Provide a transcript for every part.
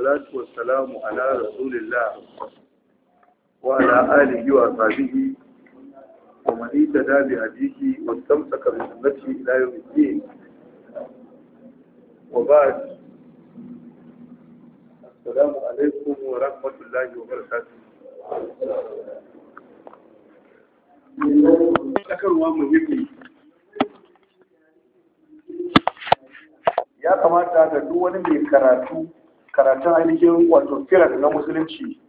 salatu wa salamu ala rasulillah wa ala alihi wa sahbihi wa man ittaba bi hadihi wa tamsaka bi sunnati ila yawm al-din wa ba'd assalamu alaykum wa rahmatullahi wa barakatuh takarwa ya kamata ga duk wani mai karatu karatun ainihin wato firar na musulunci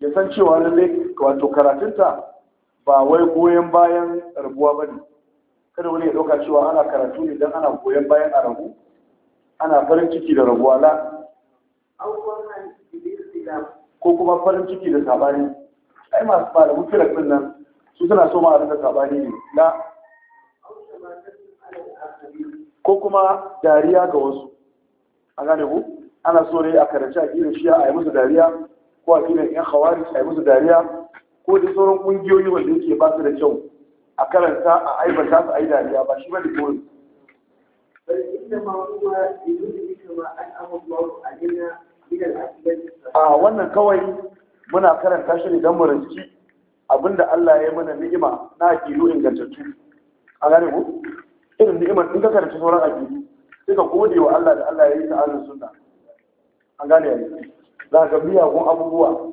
ya san cewa lallai wato karatunta ba wai goyon bayan rabuwa ba ne kada wani ya ɗauka cewa ana karatu ne don ana goyon bayan a rabu ana farin ciki da rabuwa la ko kuma farin ciki da sabani ai masu malamin firar nan su suna so ma a rika sabani ne la ko kuma dariya ga wasu a gane ku ana so ne a karanci a kira shiya a yi musu dariya ko a kira yan hawari a yi musu dariya ko da sauran kungiyoyi wanda yake ba su da kyau a karanta a aibata su a yi dariya ba shi ba da kyau a wannan kawai muna karanta shi ne don mu rinci abinda Allah ya yi mana ni'ima na akidu ingantattu a gane ku irin ni'imar in ka karanci sauran addini sai ka gode wa Allah da Allah ya yi ta ahlus sunna an gane yayi za ka biya gun abubuwa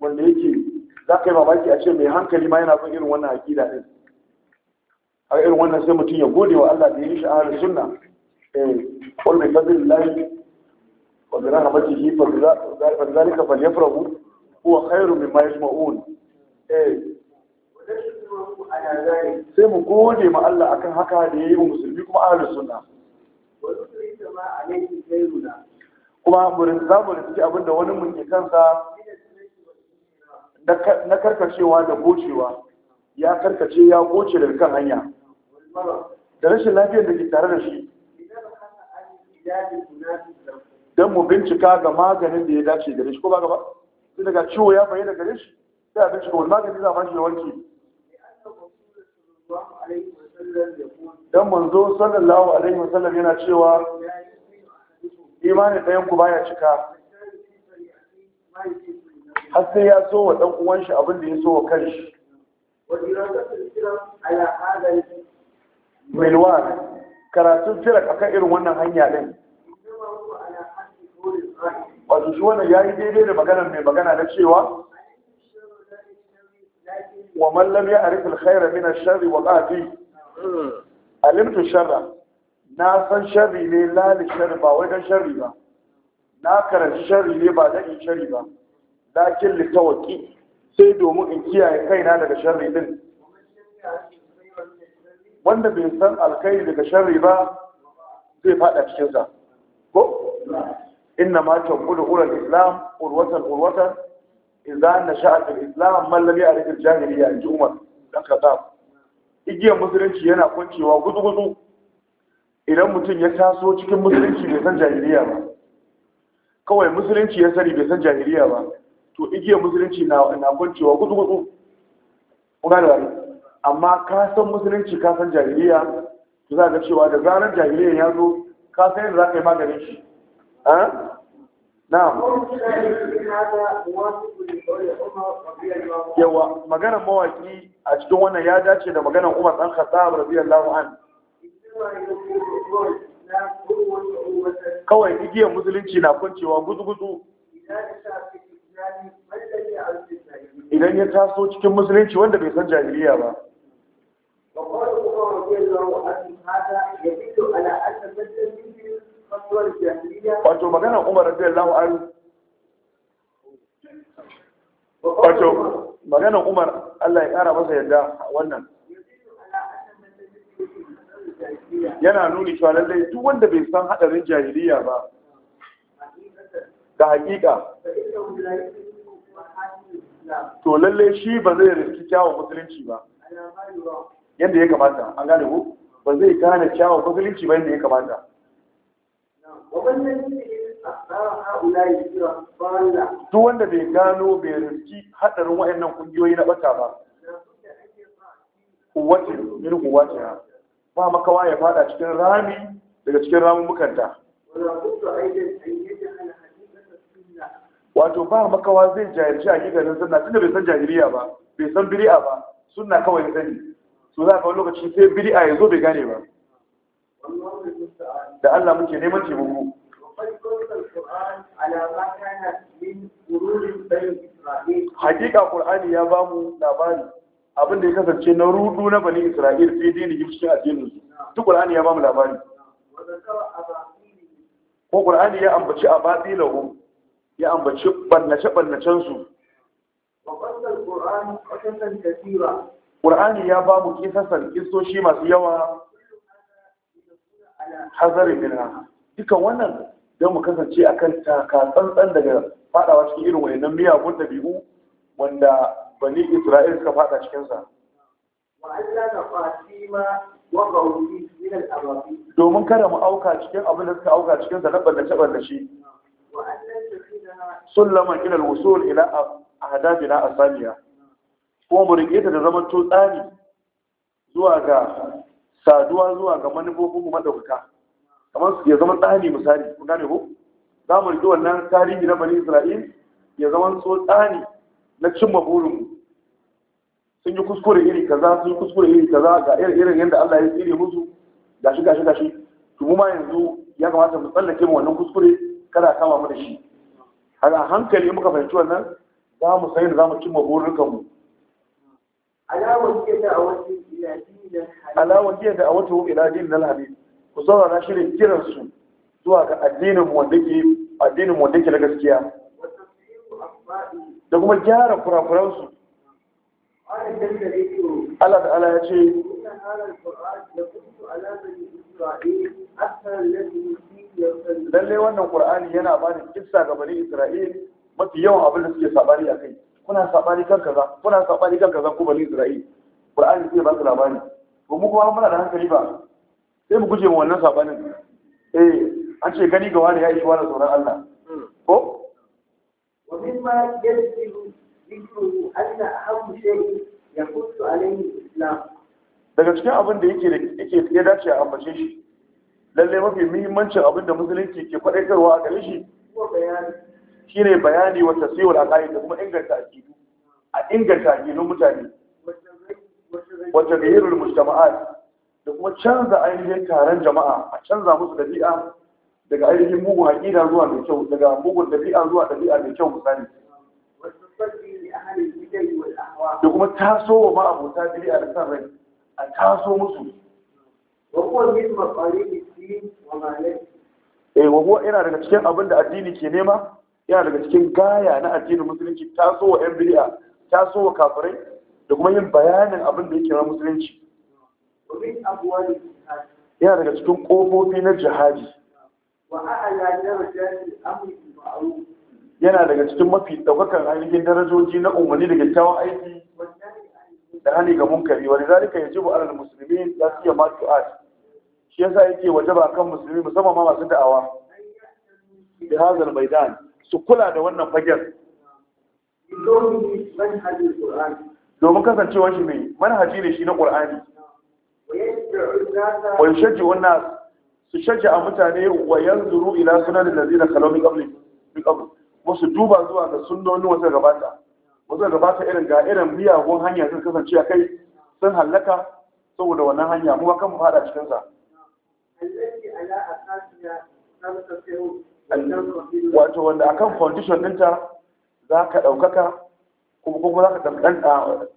wanda yake za ka yi mamaki a ce mai hankali ma yana son irin wannan aqida din a irin wannan sai mutum ya gode wa Allah da ya yi shi ahlus sunna eh qul bi fadlillahi wa bi rahmatihi fa bi dhalika falyafrahu huwa khairun mimma yajma'un eh sai mu gode ma Allah akan haka da ya yi wa musulmi kuma ahlus sunna kuma murin za mu rinci abin da wani mun ke kansa na karkacewa da gocewa ya karkace ya goce daga kan hanya da rashin lafiyar da ke tare da shi don mu bincika ga maganin da ya dace gare shi ko ba gaba sai daga ciwo ya bayyana gare shi sai a bincika wani magani za a bashi da warke dan manzo sallallahu alaihi wasallam yana cewa imani ɗayan ku baya cika har sai ya so wa ɗan uwan shi abin da ya so wa kanshi milwan karatun firak akan irin wannan hanya din wato shi wannan yayi daidai da maganar mai magana na cewa wa man lam ya'rif al-khayra min ash-sharri wa qafi alimtu sharra na san sharri ne la li sharri ba wai dan ba na karanci sharri ne ba dan sharri ba lakin li tawqi sai domin in kiyaye kaina daga sharri din wanda bai san alkhairi daga shari ba zai fada cikin sa ko inna ma tanqulu ulul islam urwatan urwatan idan na sha'afin islam mallami a rikin jahiliya in ji umar dan khattab igiyar musulunci yana kuncewa gudu-gudu idan mutum ya taso cikin musulunci bai san jahiliya ba kawai musulunci ya sani bai san jahiliya ba to igiyar musulunci na kuncewa gudu-gudu kuna da amma ka san musulunci ka san jahiliya to za ka cewa da zarar jahiliya ya zo ka san yadda za ka yi maganin shi na'am yawa maganar mawaki a cikin wannan ya dace da magana umar dan khattab radiyallahu an kawai igiyar musulunci na kuncewa guzu-guzu idan ya taso cikin musulunci wanda bai san jahiliya ba wato magana umar radiyallahu ari? wato magana umar Allah ya kara masa yadda wannan yana nuni cewa lallai duk wanda bai san hadarin jahiliya ba da hakika to lallai shi ba zai riski kyawun musulunci ba yadda ya kamata an gane ku ba zai gane kyawun musulunci ba yadda ya kamata duk wanda bai gano bai riski hadarin wa'annan kungiyoyi na bata ba kuwace min kuwace ba makawa ya fada cikin rami daga cikin ramin mukanta wato ba makawa zai jayarci a gidanin sunna da bai san jahiliya ba bai san biri'a ba suna kawai sani so za ka wani lokaci sai biri'a ya zo bai gane ba da Allah muke neman taimako haƙiƙa qur'ani ya bamu labari abin da ya kasance na rudu na bani isra'il fi dini cikin addinin su duk ƙur'ani ya bamu labari ko ƙur'ani ya ambaci a ababilahum ya ambaci bannace bannacen su Ƙur'ani ya bamu kisasan kistoshi masu yawa hazari minha duka wannan don mu kasance a kan takatsantsan daga fadawa cikin irin wayannan miyagun dabi'u wanda bani Isra'il suka fada cikin sa domin kada mu auka cikin abin da suka auka cikin sa na ballace ballace sullaman ila al-wusul ila ahdafina asaniya kuma mu rike ta da zaman to tsani zuwa ga saduwa zuwa ga manufofin mu madaukaka kamar ya zama tsani misali kun gane ko za mu riƙe wannan tarihi na bani isra'il ya zama so tsani na cimma burinmu sun yi kuskure iri kaza sun yi kuskure iri kaza ga irin yadda Allah ya tsire musu gashi gashi gashi to mu ma yanzu ya kamata mu tsallake mu wannan kuskure kada kama mu da shi har a hankali muka fahimci wannan za mu sai da za mu cimma burukan mu alawar da a wata ila dinin na habib ku na shirin kiransu zuwa ga addinin wanda ke na gaskiya da kuma gyara kurakuransu Allah ta'ala ya ce lalle wannan ƙur'ani yana ba da kisa ga bani isra'il mafi yawan abin da suke sabani a kai kuna sabani kan kaza kuna sabani kan kaza ko bani isra'il ƙur'ani zai ba su labari ko mu kuma muna da hankali ba sai mu guje wannan sabanin eh an ce gani ga wani ya yi da tsoron Allah ko wa mimma yadlu dhikru anna aham ya yaqulu alayhi islam daga cikin abin da yake yake ya dace a ambace shi lalle mafi muhimmancin abin da musulunci ke faɗaitarwa a gare shi shine bayani wa a aqaid da kuma inganta aqidu a inganta aqidun mutane wa tabhirul mujtama'at da kuma canza ainihin taron jama'a a canza musu dabi'a daga ainihin mugun haƙida zuwa mai kyau daga mugun dabi'a zuwa dabi'a mai kyau misali da kuma taso wa ma'abota dabi'a da san rai a taso musu eh wahuwa yana daga cikin abin da addini ke nema yana daga cikin gaya na addinin musulunci taso wa yan bid'a taso wa kafirai da kuma yin bayanin abin da yake na musulunci yana daga cikin ƙofofi na jihadi yana daga cikin mafi ɗaukakar ainihin darajoji na umarni da kyakkyawan aiki da hali ga munkari wani zalika ya ji ba'ar musulmi ya siya masu a shi yasa yake waje ba kan musulmi musamman ma masu da'awa da hazar maidan su kula da wannan fagen domin kasancewa shi mai manhaji ne shi na ƙur'ani wa yushajji'u an-nas su shajja'a mutane wa yanzuru ila sunanin lazina kalau min qabli min qabl wasu duba zuwa ga sunnoni wata gabata wata gabata irin ga irin miyagun hanya sun kasance a kai sun hallaka saboda wannan hanya mu kan mu fada cikin sa wato wanda akan foundation ɗinta za ka ɗaukaka kuma kuma za ka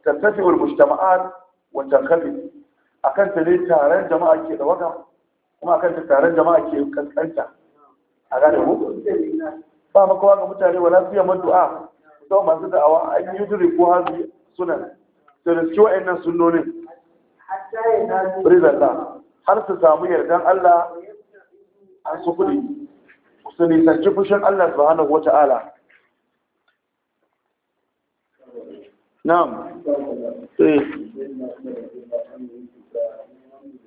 tantafi wal mujtama'at wa tankafi akan ta ne taron jama'a ke da waka, kuma akan ta taron jama'a ke kankanta. a gane ku ba makawa ga mutane wala lafiya yamma du'a sau masu da'awa an yi duri ko hazi sunan da riski wa'annan sunnonin rizalla har su samu yardan Allah a su kudi su nisanci fushin Allah hana wata ala na'am eh.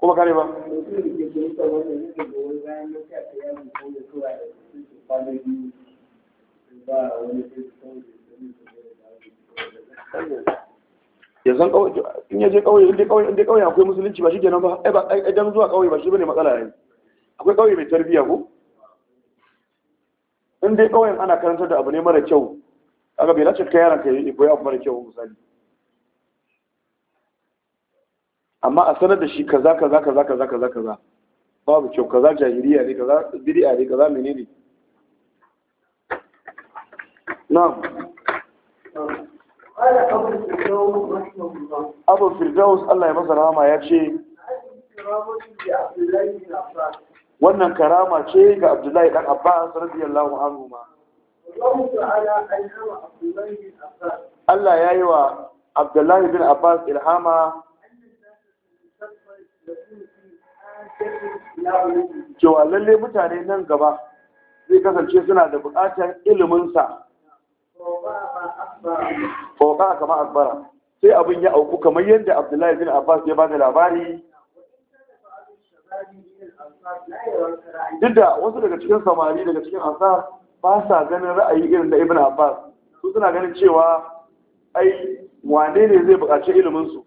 kuma kare ya san kawai in ya je kawai in dai kawai akwai musulunci ba shi kenan ba ai ba idan zuwa kawai ba shi bane matsala ne akwai kawai mai tarbiyya ko in dai kawai ana karantar da abu ne mara kyau Aga bai lace ka yaran ka yi koyi abu mara kyau misali amma a sanar da shi kaza kaza kaza kaza kaza kaza babu kyau kaza jahiliya ne kaza bid'a ne kaza menene na'am abu firdaus Allah ya masa rahama ya ce wannan karama ce ga abdullahi dan abbas radiyallahu anhu ma Allah ya yi wa abdullahi bin abbas ilhama cewa lalle mutane nan gaba zai kasance suna da buƙatar iliminsa fauka kama akbara sai abin ya auku kamar yadda abdullahi bin abbas ya bada labari duk da wasu daga cikin samari daga cikin ansar ba sa ganin ra'ayi irin da ibn abbas su suna ganin cewa ai wane ne zai buƙaci iliminsu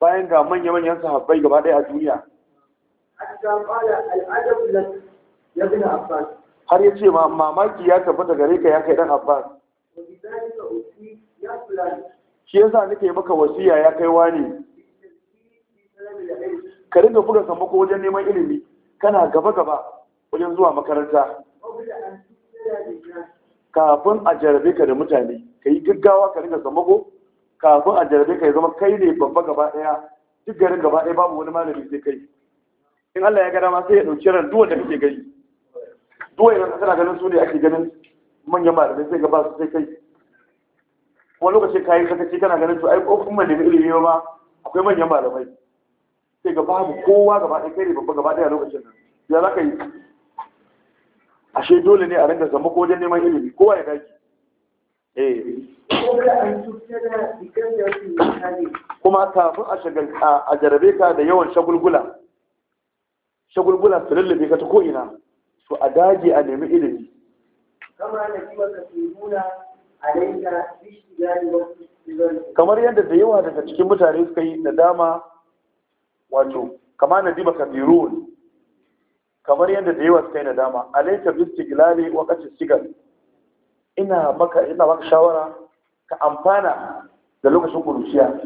bayan ga manya-manyan sahabbai gaba ɗaya a duniya har ya ce mamaki ya tabbata gare ka ya kai dan abbas shi yasa nake maka wasiya ya kai wani ka rinka buga sammako wajen neman ilimi kana gaba-gaba wajen zuwa makaranta kafin a jarabe ka da mutane ka yi gaggawa ka rinka sammako kafin a jarabe ka zama kai ne babba gaba ɗaya duk garin gaba ɗaya babu wani malami sai kai in Allah ya gada ma sai ya ɗauki ran da kake gani duwa idan kana ganin su ne ake ganin manyan malamai sai gaba su sai kai wani lokaci kayi sakaci kana ganin su ai ƙofin mai nemi ilimi ba, akwai manyan malamai sai ga babu kowa gaba ɗaya kai ne babba gaba ɗaya lokacin nan ya za ka yi ashe dole ne a ringa zama ko wajen neman ilimi kowa ya gaji. Eh. kuma kafin a jarabe ka da yawan shagulgula shagulgula su lullube ka ta ko'ina su a daji a nemi ilimi kamar yadda da yawa daga cikin mutane suka yi da dama wato kama na diba kabirun kamar yadda da yawa suka yi da dama bisti bistigilali wakacin sigar ina maka ina maka shawara ka amfana da lokacin kuruciya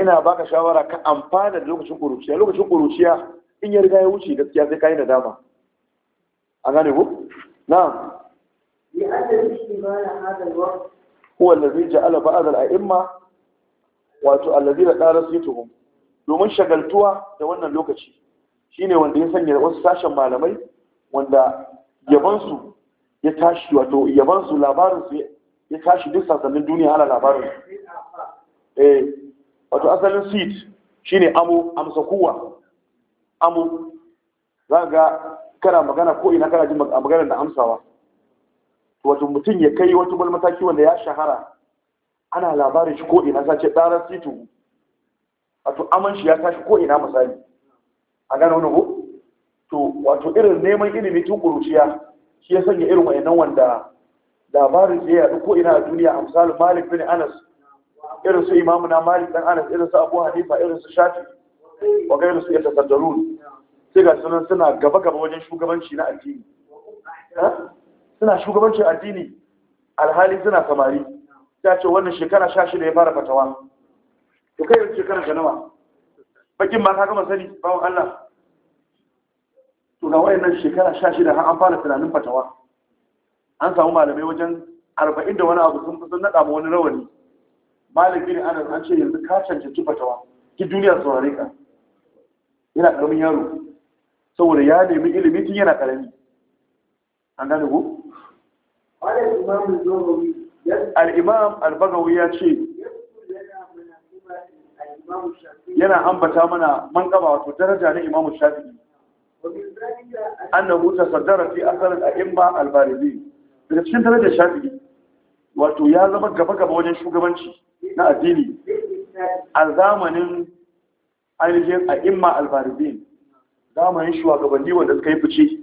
ina baka shawara ka amfana da lokacin kuruciya lokacin kuruciya in ya ya wuce gaskiya sai kai nadama an gane ku na'am هو الذي جعل بعض الأئمة wato allazina qarasituhum domin shagaltuwa da wannan lokaci shine wanda ya sanya wasu sashen malamai wanda yabansu ya tashi wato yaban su labarin su ya tashi duk sassanin duniya ana labarin eh wato asalin seed shine amo amsa kuwa amo za ga kana magana ko ina kana jin magana da amsawa wato mutum ya kai wato wani mataki wanda ya shahara ana labarin shi ko ina sace ɗarar situ wato aman shi ya tashi ko ina misali a gane wani ko to wato irin neman ilimi tun ƙuruciya shi ya sanya irin wayannan wanda labarin da ya yadu ko ina a duniya a misalin malik bin anas irin su imamu na malik dan anas irin su abu hanifa irin su shafi wa gairu su ya tasaddarun sai ga sunan suna gaba gaba wajen shugabanci na addini suna shugabancin addini alhali suna samari ta ce wannan shekara sha shida ya fara fatawa to kai shekara ga nawa bakin ma ka gama sani bawan Allah tuna ga wayannan shekara sha shida har an fara tunanin fatawa an samu malamai wajen arba'in da wani abu sun fi sun naɗa ma wani rawani Malamin ne anan an ce yanzu ka cancanci fatawa ki duniya saurare ka yana ƙaramin yaro saboda ya nemi ilimi tun yana ƙarami an gane ku? al'imam al-bagawi ya ce yana ambata mana man wato daraja na imamu shafi'i annahu tasaddara fi asar al-a'imma al-baridin daga cikin darajar shafi, wato ya zama gaba gaba wajen shugabanci na addini a zamanin ainihin a'imma al-baridin zamanin shugabanni wanda suka yi fice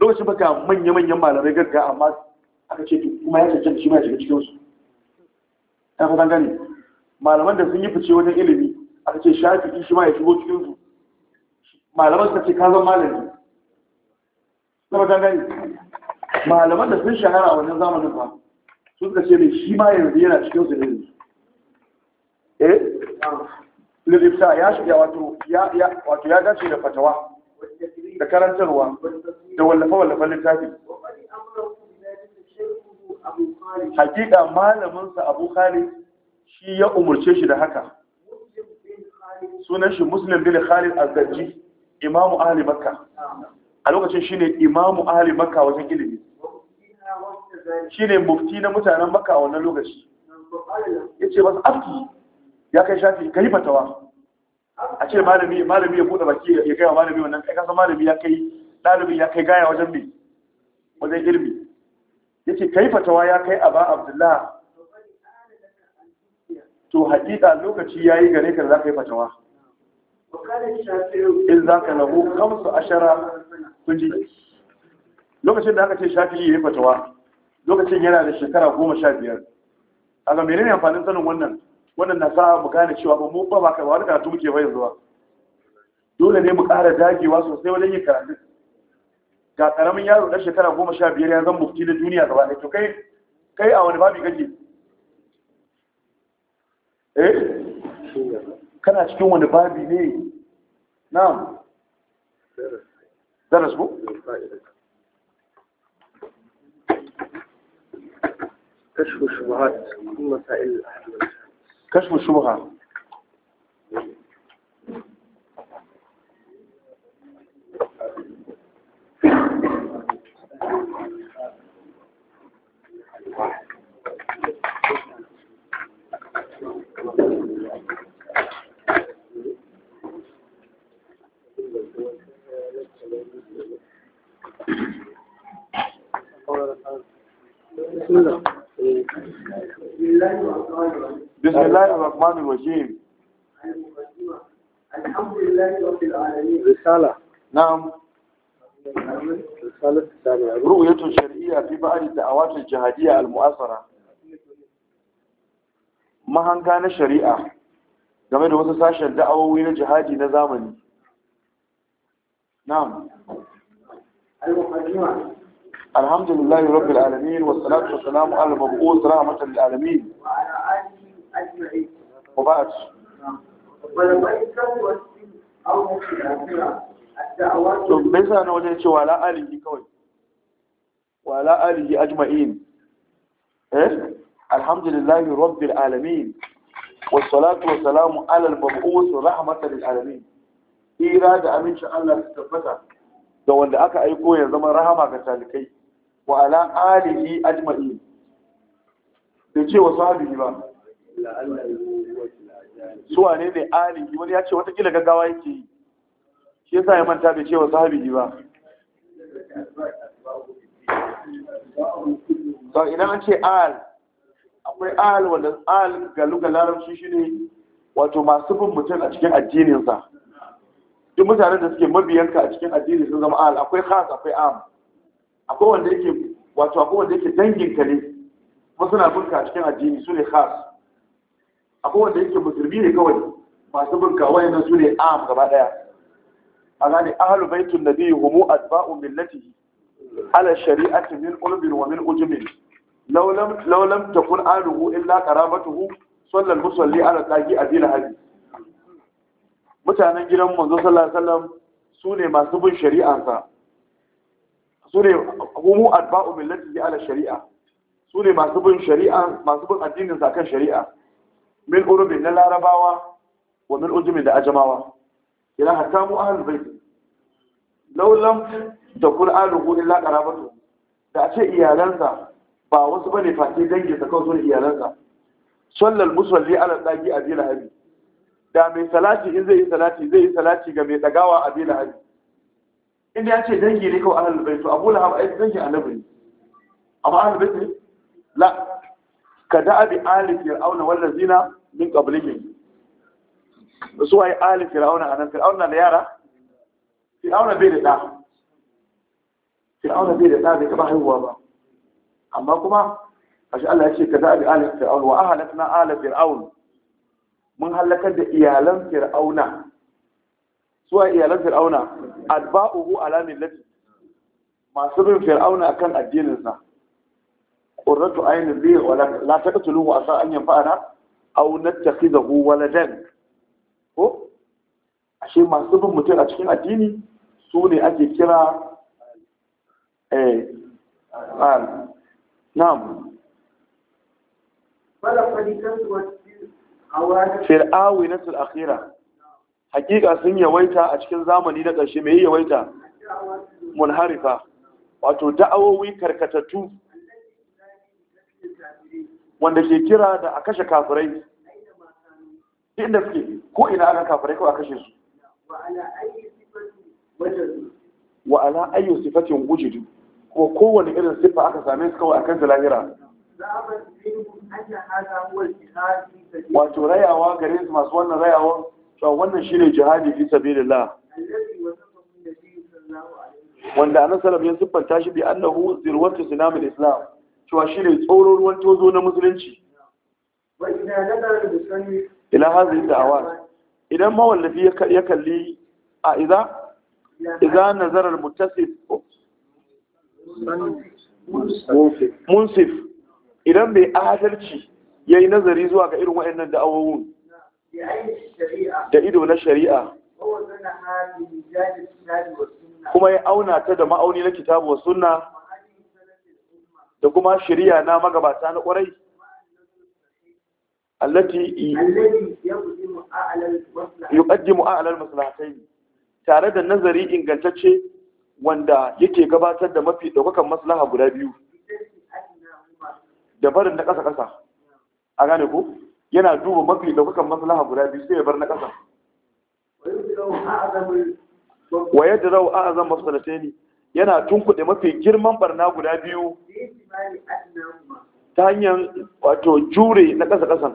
lokacin baka manya-manyan malamai gagga amma aka ce kuma ya cancanta shi ma ya shiga cikinsu ta fatan gani malaman da sun yi fice wajen ilimi aka ce shafi shi ma ya shigo cikinsu malaman suka ke ka malami kuma ta gani malaman da sun shahara a wannan zamanin fa su suka ce mai shi ma yanzu yana cikin su ne eh lilifta ya shiga wato ya wato ya dace da fatawa da karantarwa da wallafa wallafa littafi hakika sa abu khalid shi ya umarce shi da haka sunan shi muslim bin khalid azzaji imamu ahli makka a lokacin shine imamu ahli makka wajen ilimi shine mufti na mutanen makka a wannan lokaci yace masa afki ya kai shafi kai fatawa a ce malami malami ya bude baki ya kai wa malami wannan kai kasa malami ya kai dalibi ya kai gaya wajen me wajen ilimi yace kai fatawa ya kai aba abdullah to hakika lokaci yayi gare ka da za ka yi fatawa in za ka lahu kamsu ashara kuji lokacin da aka ce shafi'i ya yi fatawa lokacin yana da shekara goma sha biyar a ga menene amfanin sanin wannan wannan na sa mu gane cewa ba mu ba ba ka wani karatu muke bayan zuwa dole ne mu ƙara dagewa sosai wajen yin karatu ga ƙaramin yaro ɗan shekara goma sha biyar ya zan mufti na duniya gaba ɗaya to kai kai a wani babi kake eh kana cikin wani babi ne na'am daras ko كشف الشبهات في مسائل الأحوال كشف الشبهات بسم الله الرحمن الرحيم الحمد لله رب العالمين رسالة نعم رسالة الثانية رؤية شرعية في بعض الدعوات الجهادية المؤثرة mahanga na shari'a game da wasu sashen da'awowi na jihadi na zamani. Na'am. الحمد لله رب العالمين والصلاة والسلام على المبعوث رحمة للعالمين. وعلى آله أجمعين وبعد ثم بس أنا وجدت شو على آله كوي وعلى آله أجمعين إيه؟ الحمد لله رب العالمين والصلاة والسلام على المبعوث رحمة العالمين إيراد أمين شاء الله استفتح ga wanda aka aiko ya zama rahama ga talikai wa ala alihi ajma'i da ce sahabi ba suwa ne ne alihi wani ya ce watakila gaggawa yake yi shi yasa ya manta bai ce wa sahabi ba sau idan an ce al akwai al wanda al ga lugar larabci shi ne wato masu bin mutum a cikin addininsa duk mutanen da suke mabiyanka a cikin addini sun zama al akwai khas akwai am akwai wanda yake wato akwai wanda yake danginka ne kuma suna binka a cikin addini su ne khas akwai wanda yake musulmi ne kawai masu binka wayannan su ne am gaba daya a gane ahlul baitul nabi humu atba'u millatihi ala shari'ati min ulbin wa min ujmin law lam law lam takun aluhu illa qarabatuhu sallal musalli ala taqi abila hadith mutanen gidan manzo sallallahu alaihi wasallam su ne masu bin shari'arsa su ne humu adba'u millati ala shari'a su ne masu bin shari'a masu bin addinin sa kan shari'a min urubi na larabawa wa min ujumi da ajamawa ila hatta mu ahlul bait law lam takun aluhu illa qarabatu da a ce iyalansa ba wasu bane face dangi sa kawai iyalansa sallal musalli ala dagi abi lahabi da mai salati in zai yi salati zai yi salati ga mai dagawa a bi lahabi inda ya ce dangi ne kawai ahlul bai to abu lahab ai dangi annabi ne amma ahlul bait ne la ka da abi auna wanda zina min qablihim su ai ali fir'auna anan fir'auna da yara fir'auna bai da da fir'auna bai da da bai taba haihuwa ba amma kuma ashe Allah ya ce ka da abi ali auna. wa ahlakna ala fir'auna mun halakar da iyalan fir'auna a iyalan fir'auna adba'uhu ala millati masu bin fir'auna akan addinin sa qurratu aynin bi wa la taqtuluhu asa an yanfa'ana aw nattakhidahu waladan ko ashe masu bin mutum a cikin addini su ne ake kira eh na'am fir'awi na akhira hakika sun yawaita a cikin zamani na ƙarshe mai yawaita munharifa wato da'awowi karkatattu wanda ke kira da a kashe kafirai inda suke ko ina aka kafirai ko a kashe su wa ala ayyu sifatin wujudu kuma kowane irin siffa aka same su kawai akan zalahira wato rayawa gare su masu wannan rayawa to wannan shine jihadi fi sabilillah wanda annabi sallallahu ya siffanta shi bi annahu zirwatu sinamil islam shi shine tsoro ruwan tozo na musulunci ila hadhihi da'awa idan mawallafi ya kalli a idza idza nazara al-muttasif munsif idan mai adalci ya yi nazari zuwa ga irin wa'in nan da ido na shari'a kuma ya auna ta da ma'auni na kitabu wa suna, da kuma shari'a na magabata na ƙwarai allati ƙaddi mu'a'alar maslahatayn tare da nazari ingantacce wanda yake gabatar da mafi ɗaukakan maslaha guda biyu da barin na ƙasa ƙasa a gane ko yana duba mafi daukakan maslaha guda biyu sai ya bar na ƙasa wa yadda rau a azan masalate ne yana tunkuɗe mafi girman barna guda biyu ta hanyar wato jure na ƙasa ƙasan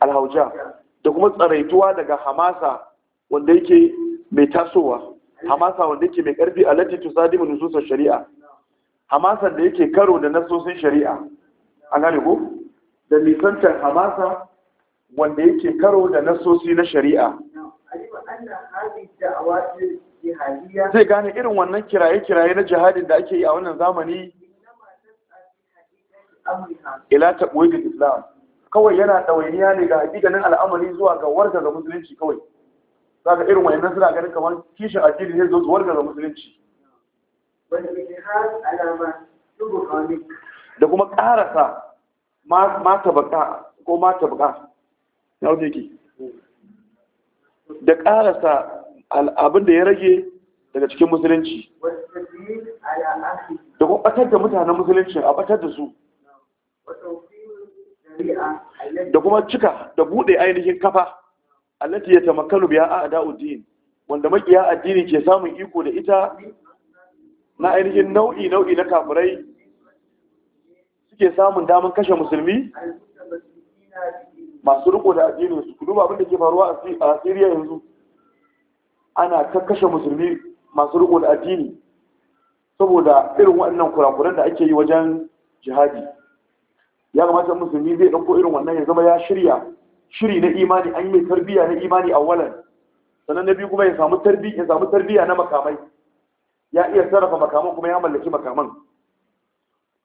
alhauja da kuma tsaraituwa daga hamasa wanda yake mai tasowa hamasa wanda yake mai ƙarfi a lati tusadimu nususar shari'a hamasar da yake karo da nasosin shari'a an gane ko da nisantar hamasa wanda yake karo da nasosi na shari'a zai gane irin wannan kiraye-kiraye na jihadin da ake yi a wannan zamani ila taɓoyi da islam kawai yana ɗawainiya ne ga ganin al'amari zuwa ga warga ga musulunci kawai za ka irin wayannan suna ganin kamar kishin addini zai zuwa su warga ga musulunci da kuma ƙarasa mata baka ko mata baka na wata ke da ƙarasa abin da ya rage daga cikin musulunci da kuma ɓatar da mutanen musulunci a ɓatar da su da kuma cika da buɗe ainihin kafa allati ya tamakalu biya a da'uddin wanda makiya addini ke samun iko da ita na ainihin nau'i nau'i na kafirai suke samun damar kashe musulmi masu riko da addini. su duba abin da ke faruwa a siriya yanzu ana ta kashe musulmi masu riko da addini saboda irin waɗannan kurakuran da ake yi wajen jihadi ya kamata musulmi zai ɗauko irin wannan ya zama ya shirya shiri na imani an yi mai tarbiyya na imani a walan sannan na biyu kuma ya samu tarbiyya na makamai ya iya sarrafa makaman kuma ya mallaki makaman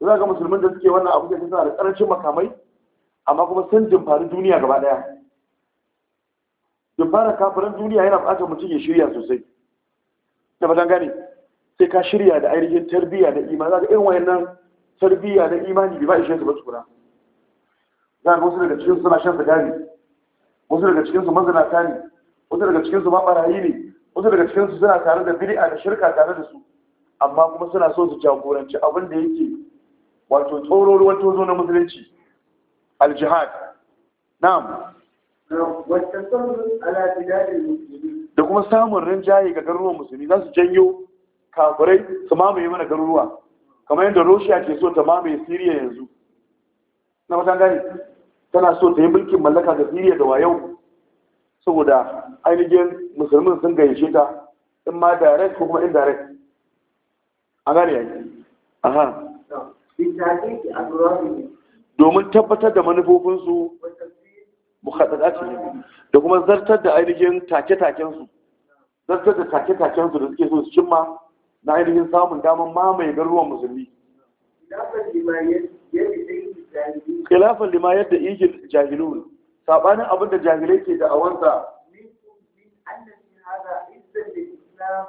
za ga musulmin da suke wannan abu da suna da karancin makamai amma kuma sun jimfari duniya gaba daya jimfarin kafirin duniya yana bukatar mutum ya shirya sosai da fatan gane sai ka shirya da ainihin tarbiyya da imani za irin wayannan tarbiyya da imani bai ba ishe su ba tsura za ga wasu daga cikin suna shan sigari wasu daga cikin su mazinata ne wasu daga cikin su ma barayi ne wasu daga cikinsu suna tare da biri'a da shirka tare da su amma kuma suna so su jagoranci abin da yake wato tsoro ruwan tozo na musulunci aljihad jihad na'am da kuma samun rinjaye ga garuruwan musulmi za su janyo kafirai su mamaye mana garuruwa kamar yadda Roshiya ke so ta mamaye Siriya yanzu na matan gani tana so ta yi mulkin mallaka ga Siriya da wayau saboda ainihin musulmin sun gaishe ta in ma direct ko kuma indirect a gane yanki aha domin tabbatar da manufofinsu mukhaddaci ne da kuma zartar da ainihin take-takensu zartar da take-takensu da suke so su cimma na ainihin samun damar mamaye garuruwan musulmi khilafan limayar yadda ikin jahilun sabanin abinda jahilai ke da awansa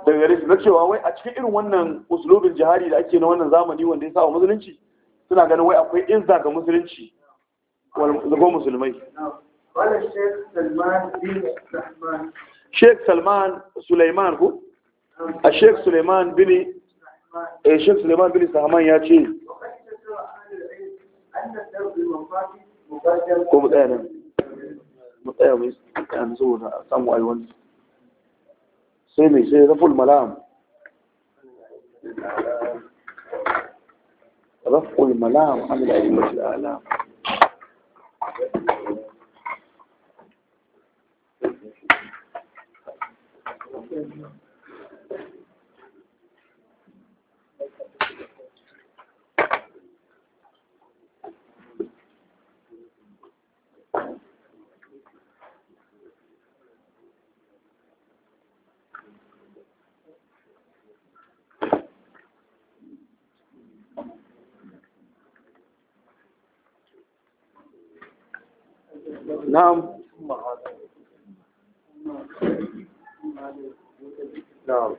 daga gare shi na cewa wai a cikin irin wannan usulubin jihari da ake na wannan zamani wanda ya sawa musulunci suna ganin wai akwai inza ga musulunci ga musulmai Sheikh Salman Suleiman ku? A Sheikh Suleiman bin a eh, Sheikh Suleiman bin Sahaman ya ce ko mu tsaya nan mu tsaya mai tsakanin saboda a samu ayi wani sai mai sai raful malam raful malam yi ala Thank you. na'am na'am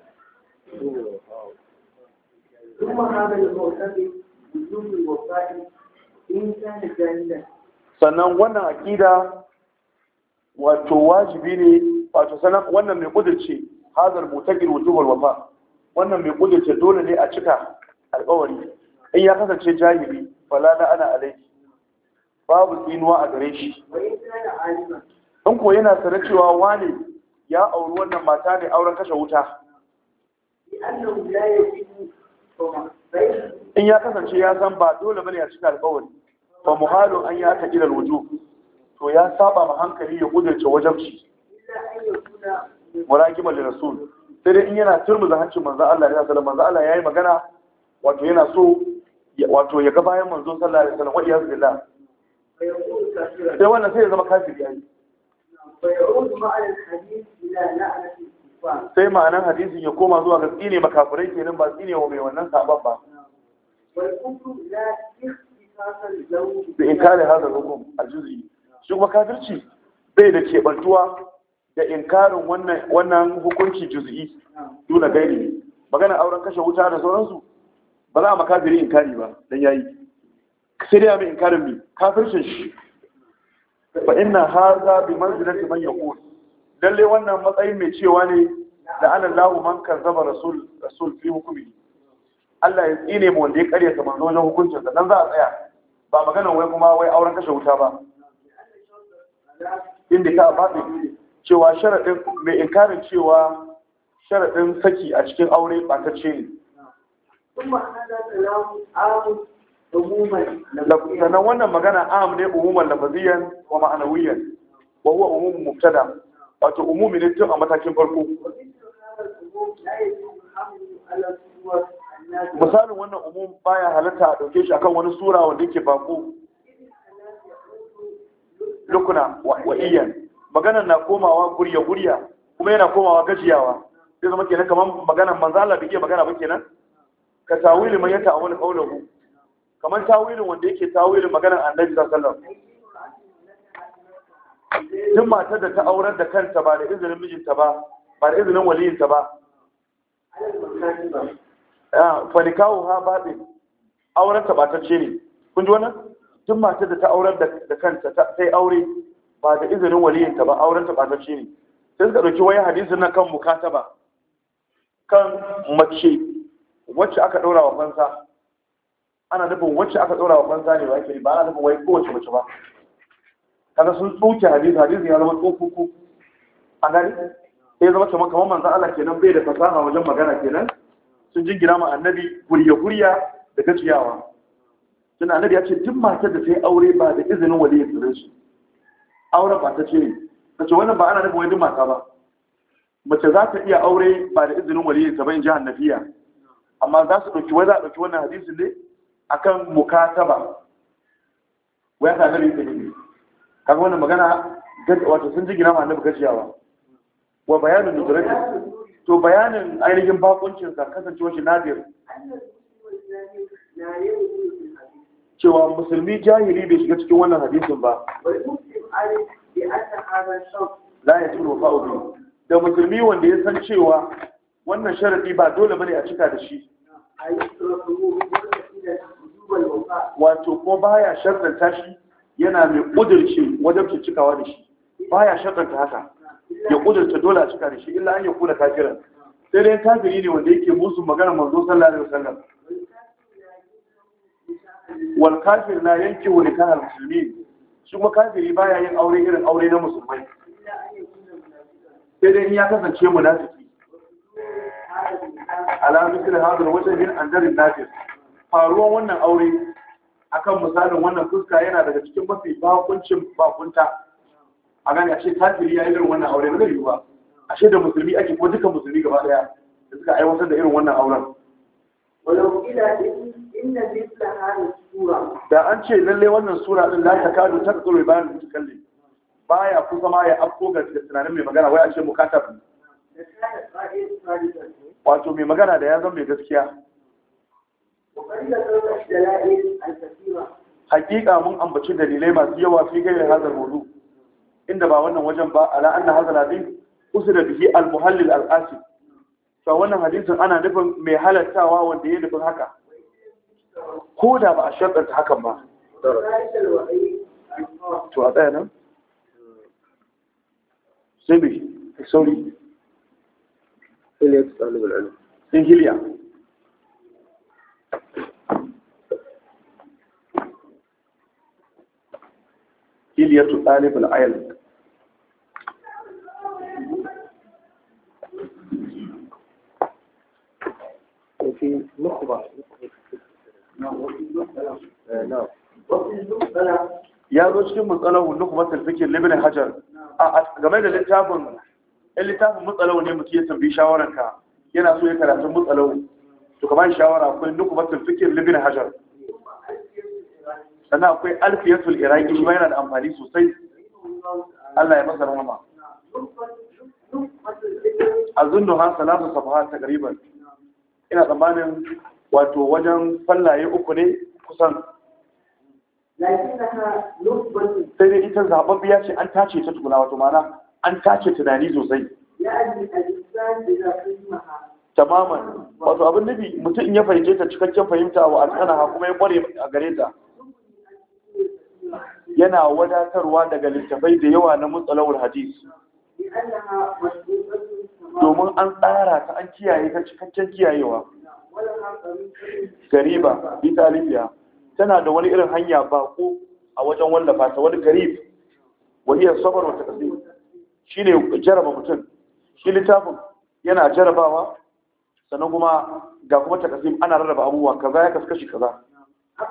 sannan wannan akida wato wajibi ne wato sannan wannan mai kudurce hazar mutagil wujuhul wafa wannan mai kudurce dole ne a cika alƙawari in ya kasance jahili fala na ana alaiki babu tsinuwa a gare shi don ko yana tsare cewa wani ya auri wannan mata ne auren kashe wuta in ya kasance ya san ba dole bane a cikin alƙawari fa muhalu an ya ta ila wujo to ya saba ma hankali ya kudurce shi muraki da rasul sai dai in yana turmuza hancin manzo Allah ya sallallahu manzo Allah yayi magana wato yana so wato ya ga bayan manzo sallallahu alaihi wasallam wa iyaz billah sai wannan sai ya zama ya yi. sai ma'anar hadisin ya koma zuwa ga tsine makafirai nan ba tsine wa mai wannan sabon ba da inkari hada hukum juzi shi kuma kafirci bai da kebantuwa da inkarin wannan wannan hukunci juz'i duna gairi magana auren kashe wuta da sauransu ba za a makafiri inkari ba don yayi sai dai mai inkarin bi kafircin shi fa ina haza bi manzilati man yaqul dalle wannan matsayin mai cewa ne da ana lahu man kazzaba rasul rasul fi hukumi Allah ya tsine mu wanda ya ta manzo wajen hukuncin sa dan za a tsaya ba magana wai kuma wai auren kashe wuta ba inda ka ba cewa sharadin mai inkarin cewa sharadin saki a cikin aure ba ta ce ne sannan wannan magana am ne umuman lafaziyan wa ma'anawiyan wa huwa umumin mubtada wato umumi ne tun a matakin farko misalin wannan umum baya halatta a dauke shi akan wani sura wanda yake bako lukuna wa iyan maganar na komawa gurya gurya kuma yana komawa gajiyawa sai zama kenan kamar maganar manzala da ke magana ba kenan ka tawili man yata a wani kaulahu kamar tawilin wanda yake tawilin maganar annabi sallallahu alaihi wasallam duk matar da ta aurar da kanta ba da izinin mijinta ba ba da izinin waliyinta ba ah, falikawo ha baɗin auren ta ce ne kun ji wannan Tun matar da ta aurar da kanta sai aure ba da izinin waliyinta ba auren ta ce ne sai suka ɗauki wani hadisin na kan mukataba kan mace wacce aka ɗora wa fansa ana nufin wacce aka tsora wa banza ne ba ake ba ana nufin wai kowace wacce ba kaga sun tsoke hadisi hadisi ya zama tsoko a gani sai eh, zama kamar kamar manzo Allah kenan bai da fasaha wajen magana kenan sun jingina ma annabi gurya gurya da gajiyawa. tun annabi ya ce duk matar da ta yi aure ba da izinin ya tsira su Aure ba ta ce ne ta ce wannan ba ana nufin duk mata ba mace za ta iya aure ba da izinin waliyin ta ba in ji annabiya amma za su ɗauki wai za a ɗauki wannan hadisin ne akan mukataba waya ta nabi ta ne kaga wannan magana wato sun ji gina ma annabi gajiyawa wa bayanin nuzuratin to bayanin ainihin bakuncin sa kasance shi nadir cewa musulmi jahili bai shiga cikin wannan hadisin ba la ya turo fa'udu da musulmi wanda ya san cewa wannan sharadi ba dole bane a cika da shi wato ko baya shartanta shi yana mai kudurci wajen cikawa da shi baya shartanta haka ya kudurta dole a cika da shi illa an ya kula kafiran sai dai kafiri ne wanda yake musu magana manzo sallallahu alaihi wasallam wal kafir la yanki wa nikah al muslimin shi kuma kafiri baya yin aure irin aure na musulmai sai dai in ya kasance munafiki alamin hadu wajen yin anzarin nafis faruwan wannan aure akan misalin wannan fuska yana daga cikin mafi bakuncin bakunta a gane ce kafiri ya yi irin wannan aure na zai yi ba ashe da musulmi ake ko duka musulmi gaba daya da suka aiwatar da irin wannan auren da an ce lalle wannan sura din la takadu tsoro bayan mutakallim baya kusa ma ya afko ga tunanin mai magana wai a ce mukatab wato mai magana da ya zama mai gaskiya hakika mun ambaci dalilai masu yawa fi gairar hazar hudu inda ba wannan wajen ba ala anna hazar hadin usu da bihi al al'asi al wannan hadisin ana nufin mai halattawa wanda ya nufin haka ko da ba a shaddanta hakan ba to a sai sauri sai hiliya كلية طالب العلم في نخبة يا رجل من قلوا النخبة الفكر لابن حجر آه، آه، جميل اللي تابن اللي تابن مطلوا ان نعم، يمكي يسمي شاورا كا ينا سويا كلا تمطلوا تو كمان شاورا اقول نخبة الفكر لابن حجر sannan akwai alfiyatul iraki shi yana da amfani sosai Allah ya masa rahama azunnu ha salatu ta gariban ina tsammanin wato wajen fallaye uku ne kusan sai dai ita zababbiya ce an tace ta tukuna wato mana an tace tunani sosai tamaman wato abin nufi mutum ya fahimce ta cikakken fahimta wa alƙana kuma ya kware a gare ta yana wadatarwa daga littafai da yawa na mutsalawar hadis domin an tsara ta an kiyaye ta cikakken kiyayewa gariba bisa libya tana da wani irin hanya ko a wajen wallafa ta wani garib wani yin sabar wata kasi shi ne jaraba mutum shi littafin yana jarabawa sannan kuma ga kuma takasim ana rarraba abubuwa kaza ya kaskashi kaza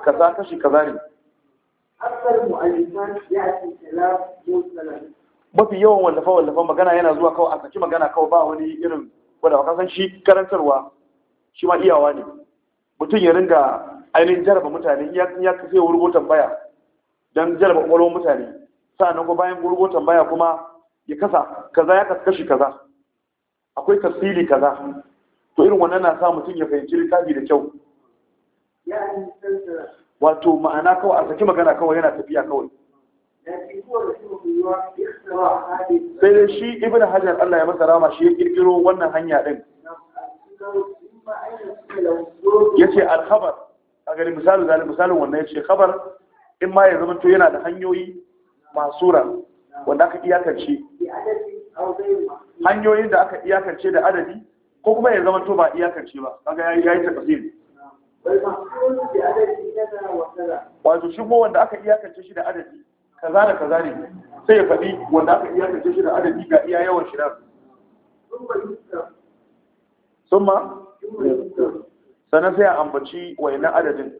kaza kashi kaza ne mafi yawan wallafa wallafa magana yana zuwa kawai a saki magana kawai ba wani irin wadda wa kasan shi karantarwa shi ma iyawa ne mutum ya ringa ainihin jaraba mutane ya kafe wurgo tambaya don jaraba ƙwaƙwalwar mutane sa'annan ko bayan wurgo tambaya kuma ya kasa kaza ya kashi kaza akwai tafsiri kaza to irin wannan na sa mutum ya fahimci littafi da kyau wato ma'ana kawai a saki magana kawai yana tafiya kawai sai dai shi ibn hajar Allah ya masa rama shi ya kirkiro wannan hanya din Ya ce al a kaga misalin zalim misalin wannan ce? khabar in ma ya zama to yana da hanyoyi masu masura wanda aka iyakance hanyoyin da aka iyakance da adadi ko kuma ya zama to ba iyakance ba kaga yayi yayi takasiri wato shi kuma wanda aka iyakance shi da adadi kaza da kaza ne sai ya faɗi wanda aka iyakance shi da adadi ga iya yawan shi nan sun ma sannan sai a ambaci wayannan adadin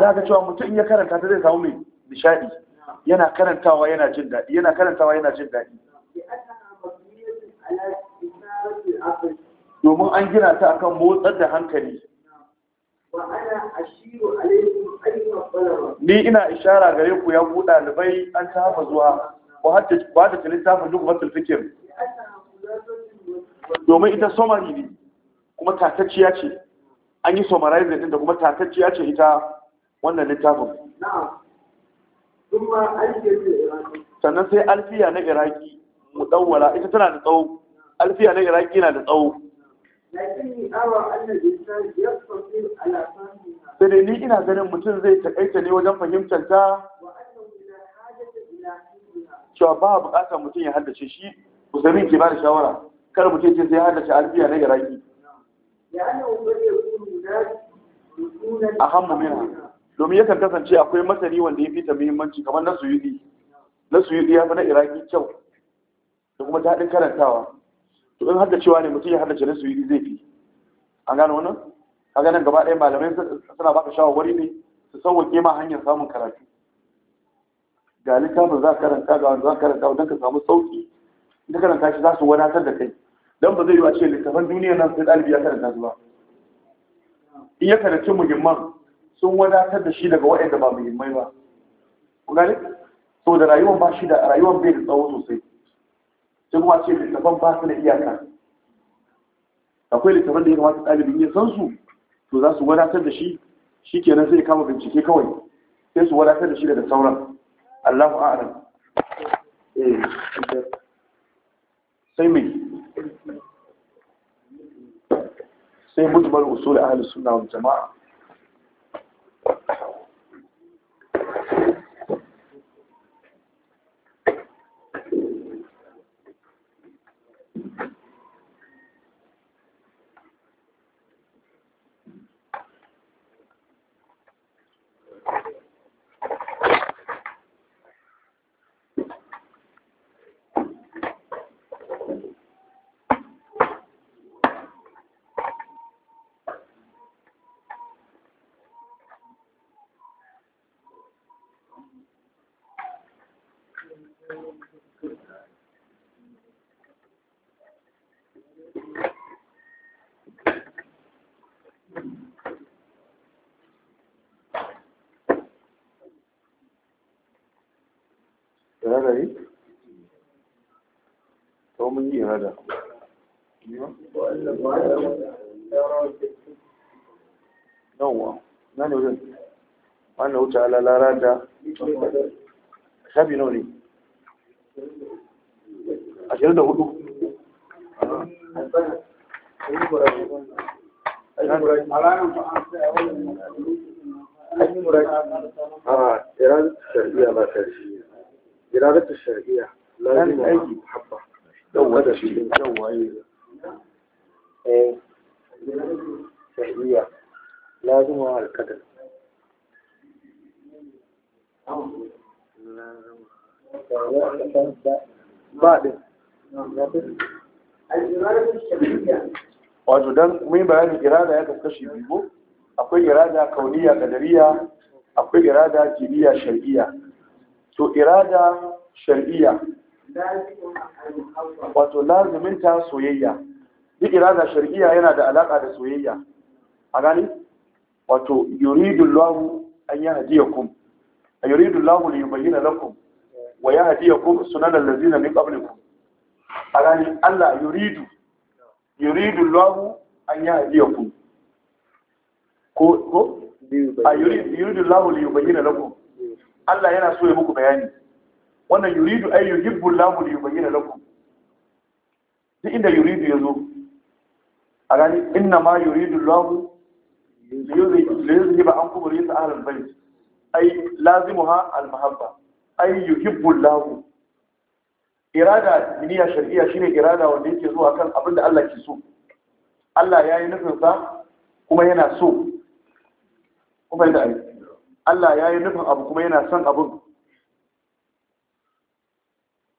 za ka cewa mutum ya karanta ta zai samu mai nishaɗi yana karantawa yana jin daɗi yana karantawa yana jin daɗi domin an gina ta akan motsar da hankali ni ina ishara gare ku ya ku ɗalibai an ta hafa zuwa ba da tilin tafin duk matul fikir domin ita somari ne kuma tatacciya ce an yi summarizing din da kuma tatacciya ce ita wannan littafin sannan sai alfiya na iraki mu dawwala ita tana da tsawo alfiya na iraki na da tsawo sai dai ni ina ganin mutum zai takaita ne wajen fahimtar ta cewa ba a bukatar mutum ya haddace shi musamman ke ba da shawara kar mutum ce sai haddace alfiya na iraki a hannu mina domin yakan kasance akwai masani wanda ya fita muhimmanci kamar na suyudi na suyudi ya fi na iraki kyau da kuma daɗin karantawa to in hadda cewa ne mutum ya haddace na yi zai fi an gano wannan ka ganin gaba ɗaya malamai suna baka shawarwari ne su sauwaƙe ma hanyar samun karatu ga littafin za ka karanta ga wanda za ka karanta don ka samu sauƙi in ka karanta shi za su wadatar da kai don ba zai yi a ce littafan duniyar nan sai ɗalibi ya karanta su ba in ya karanci muhimman sun wadatar da shi daga waɗanda ba muhimmai ba ku ne saboda da rayuwar ba shi da rayuwar bai da tsawo sosai sai ce littafan ba su da iyaka akwai littafan da ya kamata ɗalibin ya san su to za su wadatar da shi shi kenan zai kama bincike kawai sai su wadatar da shi daga sauran allahu a'adam eh, sai mai sai mutumar usul ahalus sunna wal jama'a هذا ايه هو من ايه هذا أيوه. نوع ما نوجد وأنه تعالى لا راد خبي نوري عشان ده هدوء آه إيران تربية ما ترشي إرادة الشرعية لازم أي محبة لو هذا شيء لو أي شرعية لازمها القدر بعد wato don mun bayanin irada ya kaskashi biyu akwai irada kauniya kadariya akwai irada jiriya shari'iya to irada shar'iyya wato laziminta soyayya duk irada shar'iyya yana da alaka da soyayya a gani wato yuridu llahu an a yuridu llahu li yubayyana lakum wa ya hadiyakum sunan allazina min qablikum a gani Allah yuridu yuridu llahu an hadiyakum ko ko a yuridu llahu li yubayyana lakum Allah yana so ya muku bayani wannan yuridu ay yuhibbu Allahu li yubayyana lakum duk inda yuridu yazo a gani inna ma yuridu Allahu li yuzhiba ankum rijsa ahlil bayt ay lazimuha al mahabba ay yuhibbu Allahu irada diniya shar'iyya shine irada wanda yake zuwa kan abinda Allah ke so Allah yayi nufin sa kuma yana so kuma da aiki Allah ya yi nufin abu kuma yana son abin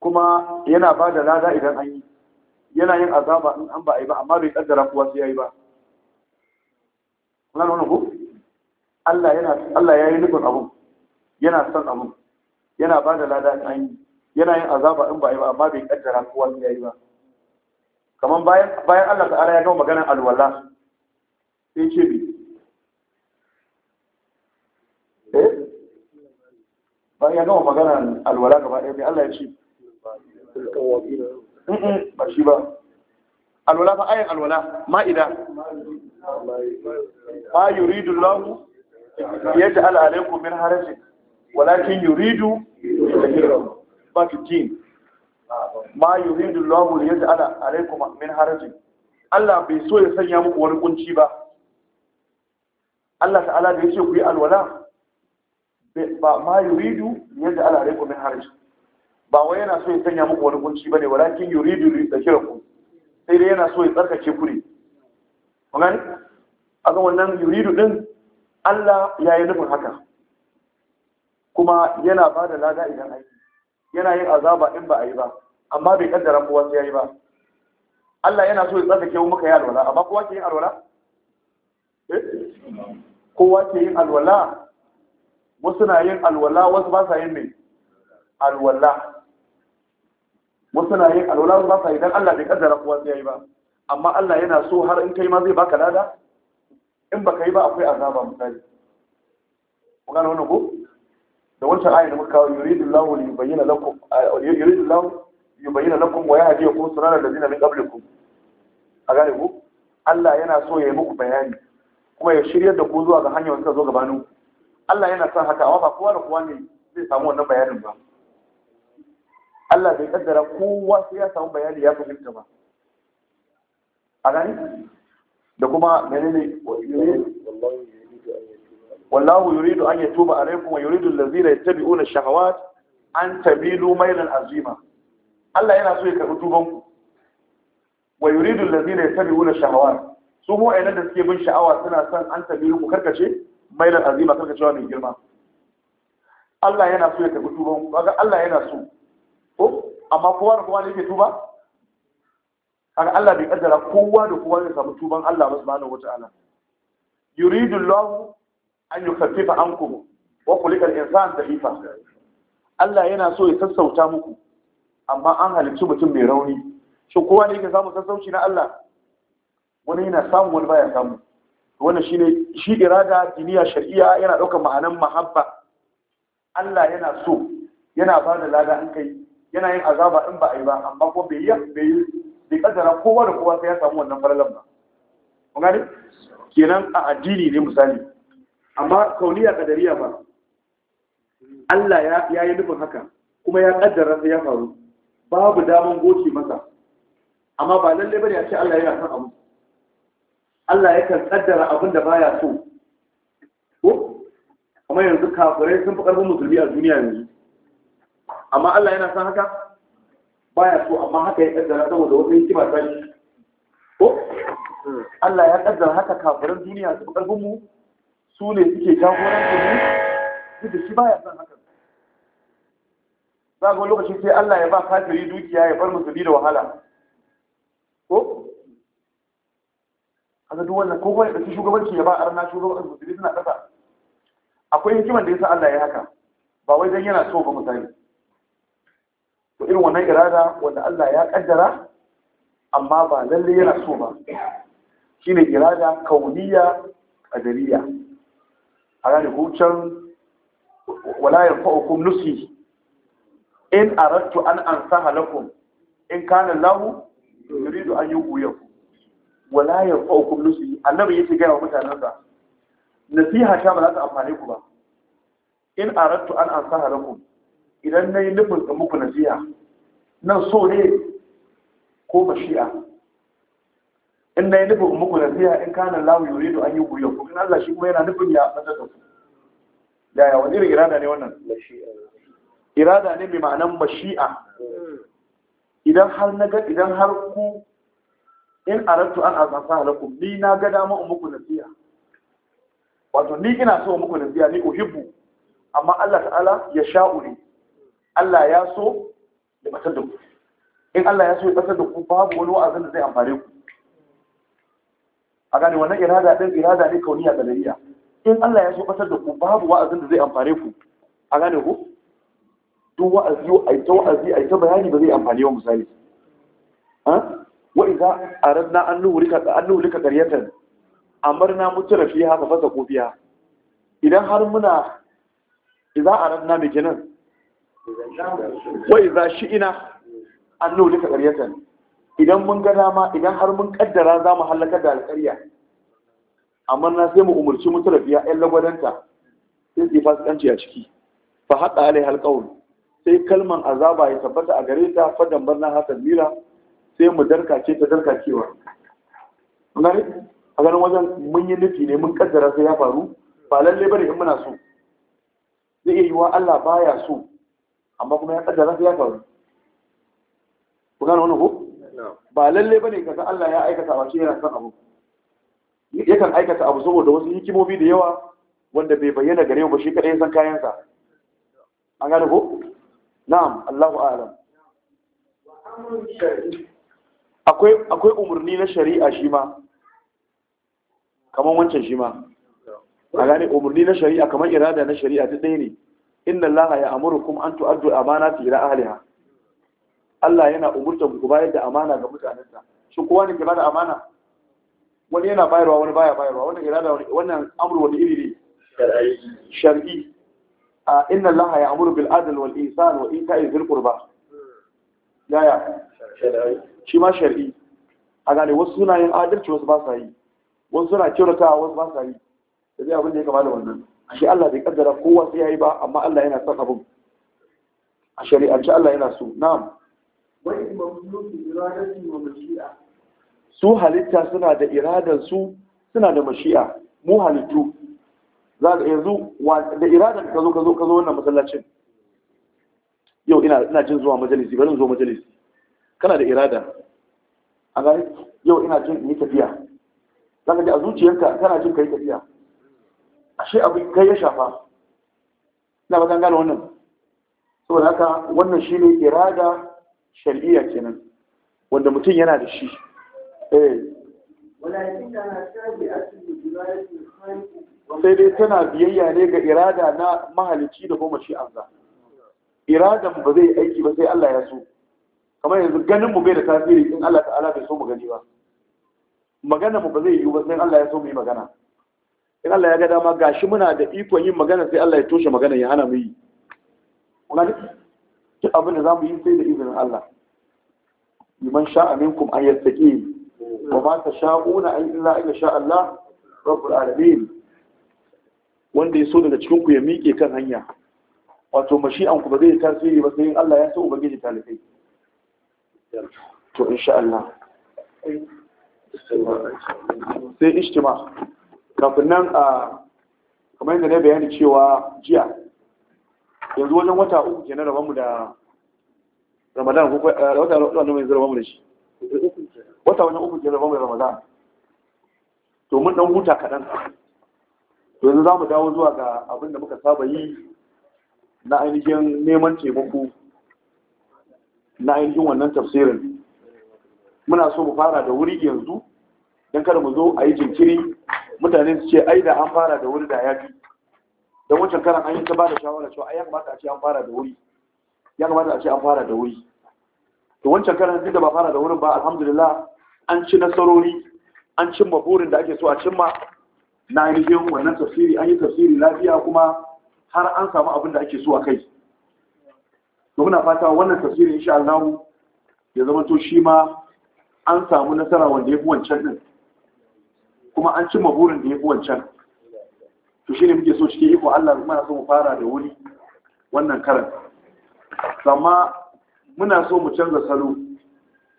kuma yana ba da lada idan an yi yana yin azaba in an ba a yi ba amma bai kaddara kuwa sai ya yi ba kuna wani ku Allah ya yi nufin abin yana son abin yana ba da lada in an yi yana yin azaba in ba a yi ba amma bai kaddara kuwa sai ya yi ba kamar bayan Allah ta'ala ya gama maganar alwala sai ce bi ba ya gama magana alwala gaba ɗaya Allah ya ce ba shi ba alwala fa ayin alwala ma'ida ma yuridu Allah ya ja'ala alaikum min harajin walakin yuridu ba fitin ma yuridu Allah ya ja'ala alaikum min harajin Allah bai so ya sanya muku wani kunci ba Allah ta'ala da ya ce ku yi alwala ba ma yuridu yadda ala alaikum min haraj ba wai yana so ya sanya muku wani kunci bane walakin yuridu li ku. sai dai yana so ya tsarkake ku ne kun gani aga wannan yuridu din Allah ya yi nufin haka kuma yana ba da lada idan aiki yana yin azaba in ba a yi ba amma bai kaddara kowa sai ya yi ba Allah yana so ya tsarkake mu muka yi alwala amma kowa ke yin alwala eh? kowa ke yin alwala wasu na yin alwala wasu ba sa yin mai alwala wasu na yin alwala wasu ba sa yi don Allah bai kaddara kowa sai yi ba amma Allah yana so har in kai ma zai baka lada in baka yi ba akwai azaba misali ku gane wannan ko da wancan ayin da muka kawo yuridullahu li yubayyana lakum yuridullahu yubayyana lakum wa yahdiyakum sunanal ladina min qablikum a gane ku Allah yana so ya yi muku bayani kuma ya shirya da ku zuwa ga hanyar da ka zo gabanin ku Allah yana son haka amma ba kowa da kowa ne zai samu wannan bayanin ba Allah bai kaddara kowa sai ya samu bayani ya fahimta ba a gani da kuma menene wallahu yuridu an yatuba alaykum wa yuridu allazina yattabi'una ash-shahawat an tabilu maylan azima Allah yana so ya karbi tuban ku wa yuridu allazina yattabi'una ash-shahawat su mu ayyana da suke bin sha'awa suna son an tabilu ku karkace mai da azima ka cewa mai girma Allah yana so ya tafi tuban kaga Allah yana so ko amma kowa da kowa ne yake tuba kaga Allah bai kaddara kowa da kowa zai samu tuban Allah ba subhanahu wata'ala yuridu Allah an yukaffifa ankum wa khuliqa al-insan Allah yana so ya sassauta muku amma an halicci mutum mai rauni shin kowa ne yake samu sassauci na Allah wani yana samu wani baya samu wannan shine shi irada diniya shar'iyya yana daukar ma'anan mahabba Allah yana so yana ba da lada in kai yana yin azaba in ba a yi ba amma ko bai yi bai bai kaddara kowa da kowa sai ya samu wannan falalan ba kun gani kenan a addini ne misali amma kauniya kadariya ba Allah ya ya yi nufin haka kuma ya kaddara sai ya faru babu daman goce masa amma ba lalle bane a ce Allah yana son abu Allah Ya kan kaddara abin da baya so ko amma yanzu kafirai sun fi karfin musulmi a duniya yanzu amma Allah yana san haka baya so amma haka ya kaddara saboda wata hikima ta shi ko Allah ya kaddara haka kafirin duniya su karfin mu su ne suke jagorancin mu duk da shi baya san haka za ga lokaci sai Allah ya ba kafiri dukiya ya bar musulmi da wahala ko kaga duk wannan ko kuma ya ɗauki shugabanci ya ba arna shugabanci musulmi suna ƙasa akwai hikimar da ya sa Allah ya haka ba wai dan yana so ba mutane. to irin wannan irada wanda Allah ya kaddara amma ba lalle yana so ba shine irada kauniya qadariya a ranar hucin wala yanfa'ukum nusi in aradtu an ansaha lakum in kana lahu yuridu an yughwiyakum wala ya fa'ukum nusi annabi yake gaya wa mutanensa nasiha ta ba za ta amfane ku ba in aradtu an ansaha lakum idan nayi nufin ga muku nasiha nan so ne ko bashi'a in nayi nufin muku nasiha in kana lawu da an yi guriya ku. in Allah shi kuma yana nufin ya fada da ku yaya wani irin irada ne wannan irada ne mai ma'anan ba hmm. idan har idan har ku in arattu an azansa lakum ni na ga dama in muku nasiha wato ni ina so in muku nasiha ni uhibbu amma Allah ta'ala ya sha'uri Allah ya so ya batar da ku in Allah ya so ya batar da ku babu wani wa'azin da zai amfane ku a gane wannan irada din irada ne kauniya da dariya in Allah ya so batar da ku babu wa'azin da zai amfane ku a gane ku duk wa'azi a ta wa'azi a ta bayani ba zai amfane wa misali Wa'iza a ranar an nuhlika an nuhlika mutu amarna mutara haka fasa qubiya idan har muna idza aradna bi kenan wa idza shi'na an nuhlika qaryatan idan mun ga ma idan har mun kaddara za mu hallaka da alƙarya a marina sai mu mutu mutara fiya 'yan lagwadanta sai su fasikanci a ciki fa haɗa alai halƙawun sai kalman azaba ya tabbata a gare ta fadan barna hasan mira sai mu darkace ta darkacewa ne a ganin wajen mun yi nufi ne mun kaddara sai ya faru ba lalle bane in muna so zai iya yiwa Allah baya so amma kuma ya kaddara sai ya faru ku gane wannan ko ba lalle bane kaga Allah ya aikata ba shi yana son abu yakan aikata abu saboda wasu hikimomi da yawa wanda bai bayyana gare mu ba shi kadai san kayan sa an gane ko na'am Allahu a'lam akwai umarni na shari'a shi ma kamar wancan shi ma a gane umarni na shari'a kamar irada na shari'a ta ɗaya ne inna Allah ya amuru kuma an tu'addu amana fi ila ahliha Allah yana umurta ku bayar da amana ga mutanenta shi kowa ne ke bada amana wani yana bayarwa wani baya bayarwa wannan irada wannan amru wani iri ne shar'i inna Allah ya amuru bil adl wal ihsan wa ita'i dhil qurba yaya shi ma shari'i a gane wasu suna yin adalci wasu ba sa yi wasu suna kyautata wasu ba sa yi da zai abin da ya kama da wannan ashe Allah bai kaddara kowa sai yayi ba amma Allah yana son abin a shari'ance Allah yana so na'am wani mamluki iradatu wa mashi'a su halitta suna da iradar su suna da mashi'a mu halittu za ka yanzu da iradar ka zo ka zo ka zo wannan masallacin yau ina jin zuwa majalisi bari zo majalisi kana da irada a gani yau ina jin yi tafiya zaka ji a zuciyarka kana jin kai tafiya ashe abin kai ya shafa ina ba gane wannan saboda haka wannan shi ne irada shari'a kenan wanda mutum yana da shi eh sai dai tana biyayya ne ga irada na mahalici da kuma shi an za. iradan ba zai aiki ba sai Allah ya so kamar yanzu ganin mu bai da tasiri in Allah ta'ala bai so mu gani ba magana mu ba zai yiwu ba sai Allah ya so mu yi magana in Allah ya ga dama gashi muna da ikon yin magana sai Allah ya toshe magana ya hana mu yi kuna ne duk abin da zamu yi sai da izinin Allah liman sha'a minkum an yattaqi wa ma tasha'una an illa an sha Allah rabbul alamin wanda ya so daga cikin ku ya miƙe kan hanya wato mashi'an ku ba zai tasiri ba sai Allah ya so ubangiji talibai to insha Allah sai ishtima kafin nan a kamar yadda na bayani cewa jiya yanzu wajen wata uku ke na rabanmu da ramadan ko wata wani mai zarabanmu da shi wata wajen uku ke rabanmu da ramadan to mun dan huta kaɗan to yanzu za mu dawo zuwa ga abin da muka saba yi na ainihin neman taimako na ainihin wannan tafsirin muna so mu fara da wuri yanzu don kada mu zo a yi jinkiri mutane su ce ai da an fara da wuri da ya fi don wancan karan an yi ta ba da shawara cewa ai ya kamata a ce an fara da wuri ya kamata a ce an fara da wuri to wancan karan duk da ba fara da wurin ba alhamdulillah an ci nasarori an cimma burin da ake so a cimma na ainihin wannan tafsiri an yi tafsiri lafiya kuma har an samu abin da ake so a kai to muna fata wannan tafsirin insha Allah ya zama to shi ma an samu nasara wanda ya fi wancan din kuma an cimma burin da ya fi wancan to shine muke so cikin iko Allah muna so mu fara da wuri wannan karan amma muna so mu canza salo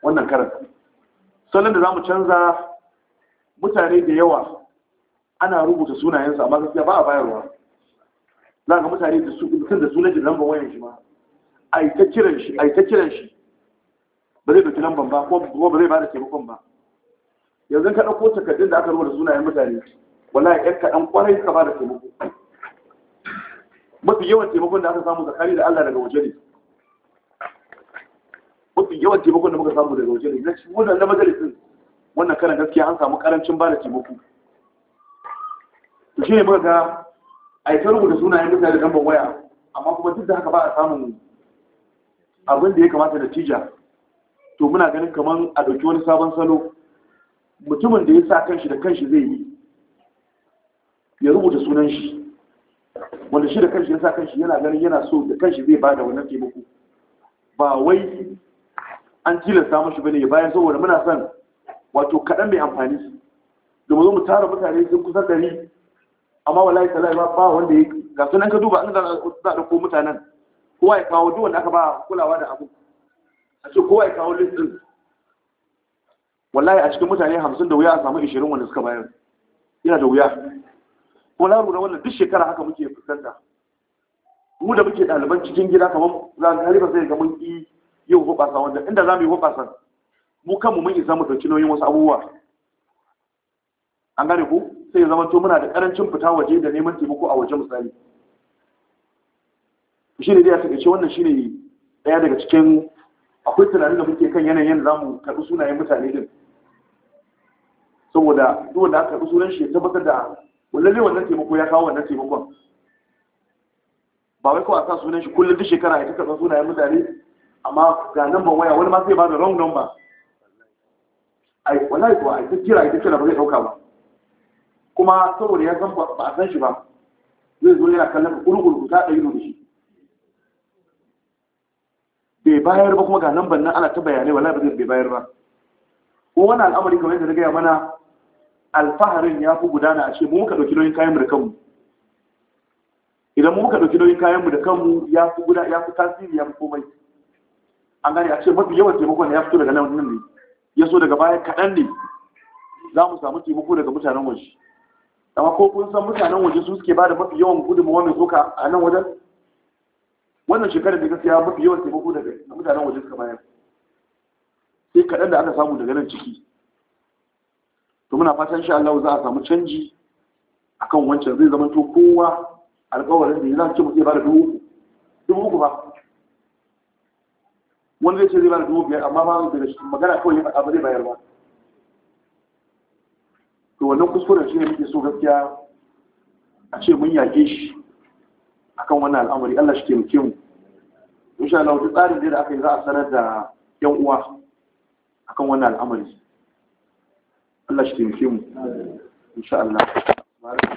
wannan karan salon da za mu canza mutane da yawa ana rubuta sunayensu amma gaskiya ba a bayarwa za ka mutane da su mutum da sunan lambar wayan shi ma a yi ta kiran shi a yi ta kiran shi ba zai ɗauki lambar ba kuma ba zai ba da taimakon ba yanzu ka ɗauko takardun da aka rubuta sunayen mutane wallahi ƴan kaɗan kwarai ka ba da taimako mafi yawan taimakon da aka samu zakari da Allah daga waje ne mafi yawan taimakon da muka samu daga waje ne wannan na majalisin wannan karan gaskiya an samu karancin ba da taimako to shi ne muka ga a yi karu da sunayen mutane ɗan waya amma kuma duk da haka ba a samun abin da ya kamata da tija to muna ganin kamar a ɗauki wani sabon salo mutumin da ya sa kanshi da kanshi zai yi ya rubuta sunan shi wanda shi da kanshi ya sa kanshi yana ganin yana so da kanshi zai ba da wannan taimako ba wai an tilasta mashi bane ya bayan saboda muna son wato kaɗan mai amfani domin zo mu tara mutane sun kusan ɗari amma wallahi salai ba ba wanda ya ga sunan ka duba an da za da ko mutanen kowa ya kawo duk wanda aka ba kulawa da abu a ce kowa ya kawo listin din wallahi a cikin mutane 50 da wuya a samu 20 wanda suka bayar yana da wuya kuma na lura wannan duk shekara haka muke fuskanta mu da muke ɗaliban cikin gida kamar za mu harifa sai ga mun yi yin hoɓasa wanda inda za mu yi hoɓasa mu kanmu mun isa mu ɗauki nauyin wasu abubuwa an gane ku sai ya zama to muna da karancin fita waje da neman taimako a waje misali shi ne dai a takaice wannan shi ne daya daga cikin akwai tunani da muke kan yanayin za mu karɓi sunayen mutane din saboda duk wanda aka karɓi sunan shi ya tabbatar da wallale wannan taimako ya kawo wannan taimakon ba wai kawai a sa sunan shi kullum duk shekara ya ta sunayen mutane amma ga nan waya wani ma sai ba da wrong number ai wallahi ko ai ta kira ai ta kira ba zai ɗauka ba kuma saboda ya san ba a san shi ba zai zo yana kallon ka ku ta ɗari da shi bai bayar ba kuma ga ban nan ana ta bayanai wala ba zai bai bayar ba ko wani al'amari kamar yadda na gaya mana alfaharin ya fi gudana a ce mu muka ɗauki nauyin kayan mu da kanmu idan mu muka ɗauki nauyin kayan mu da kanmu ya fi guda ya fi tasiri ya fi komai an gane a ce mafi yawan taimakon ya fito daga nan ne ya so daga baya kaɗan ne za mu samu taimako daga mutanen waje amma ko kun san mutanen waje su suke bada mafi yawan gudunmawa mai zuka a nan wajen wannan shekarar da gaskiya mafi yawan taimako daga mutanen waje suka bayar sai kaɗan da aka samu daga nan ciki to muna fatan sha Allah za a samu canji akan wancan zai zama to kowa alƙawarin da ya zaki ce mu zai bada dubu dubu uku ba wani zai ce zai bada dubu biyar amma ba magana kawai ya faɗa ba zai bayar ba to wannan kuskuren shi ne muke so gaskiya a ce mun yage shi akan wannan al'amari Allah shi ke muke mu insha Allah duk tsarin da aka yi za a sanar da yan uwa akan wannan al'amari Allah shi ke muke mu insha Allah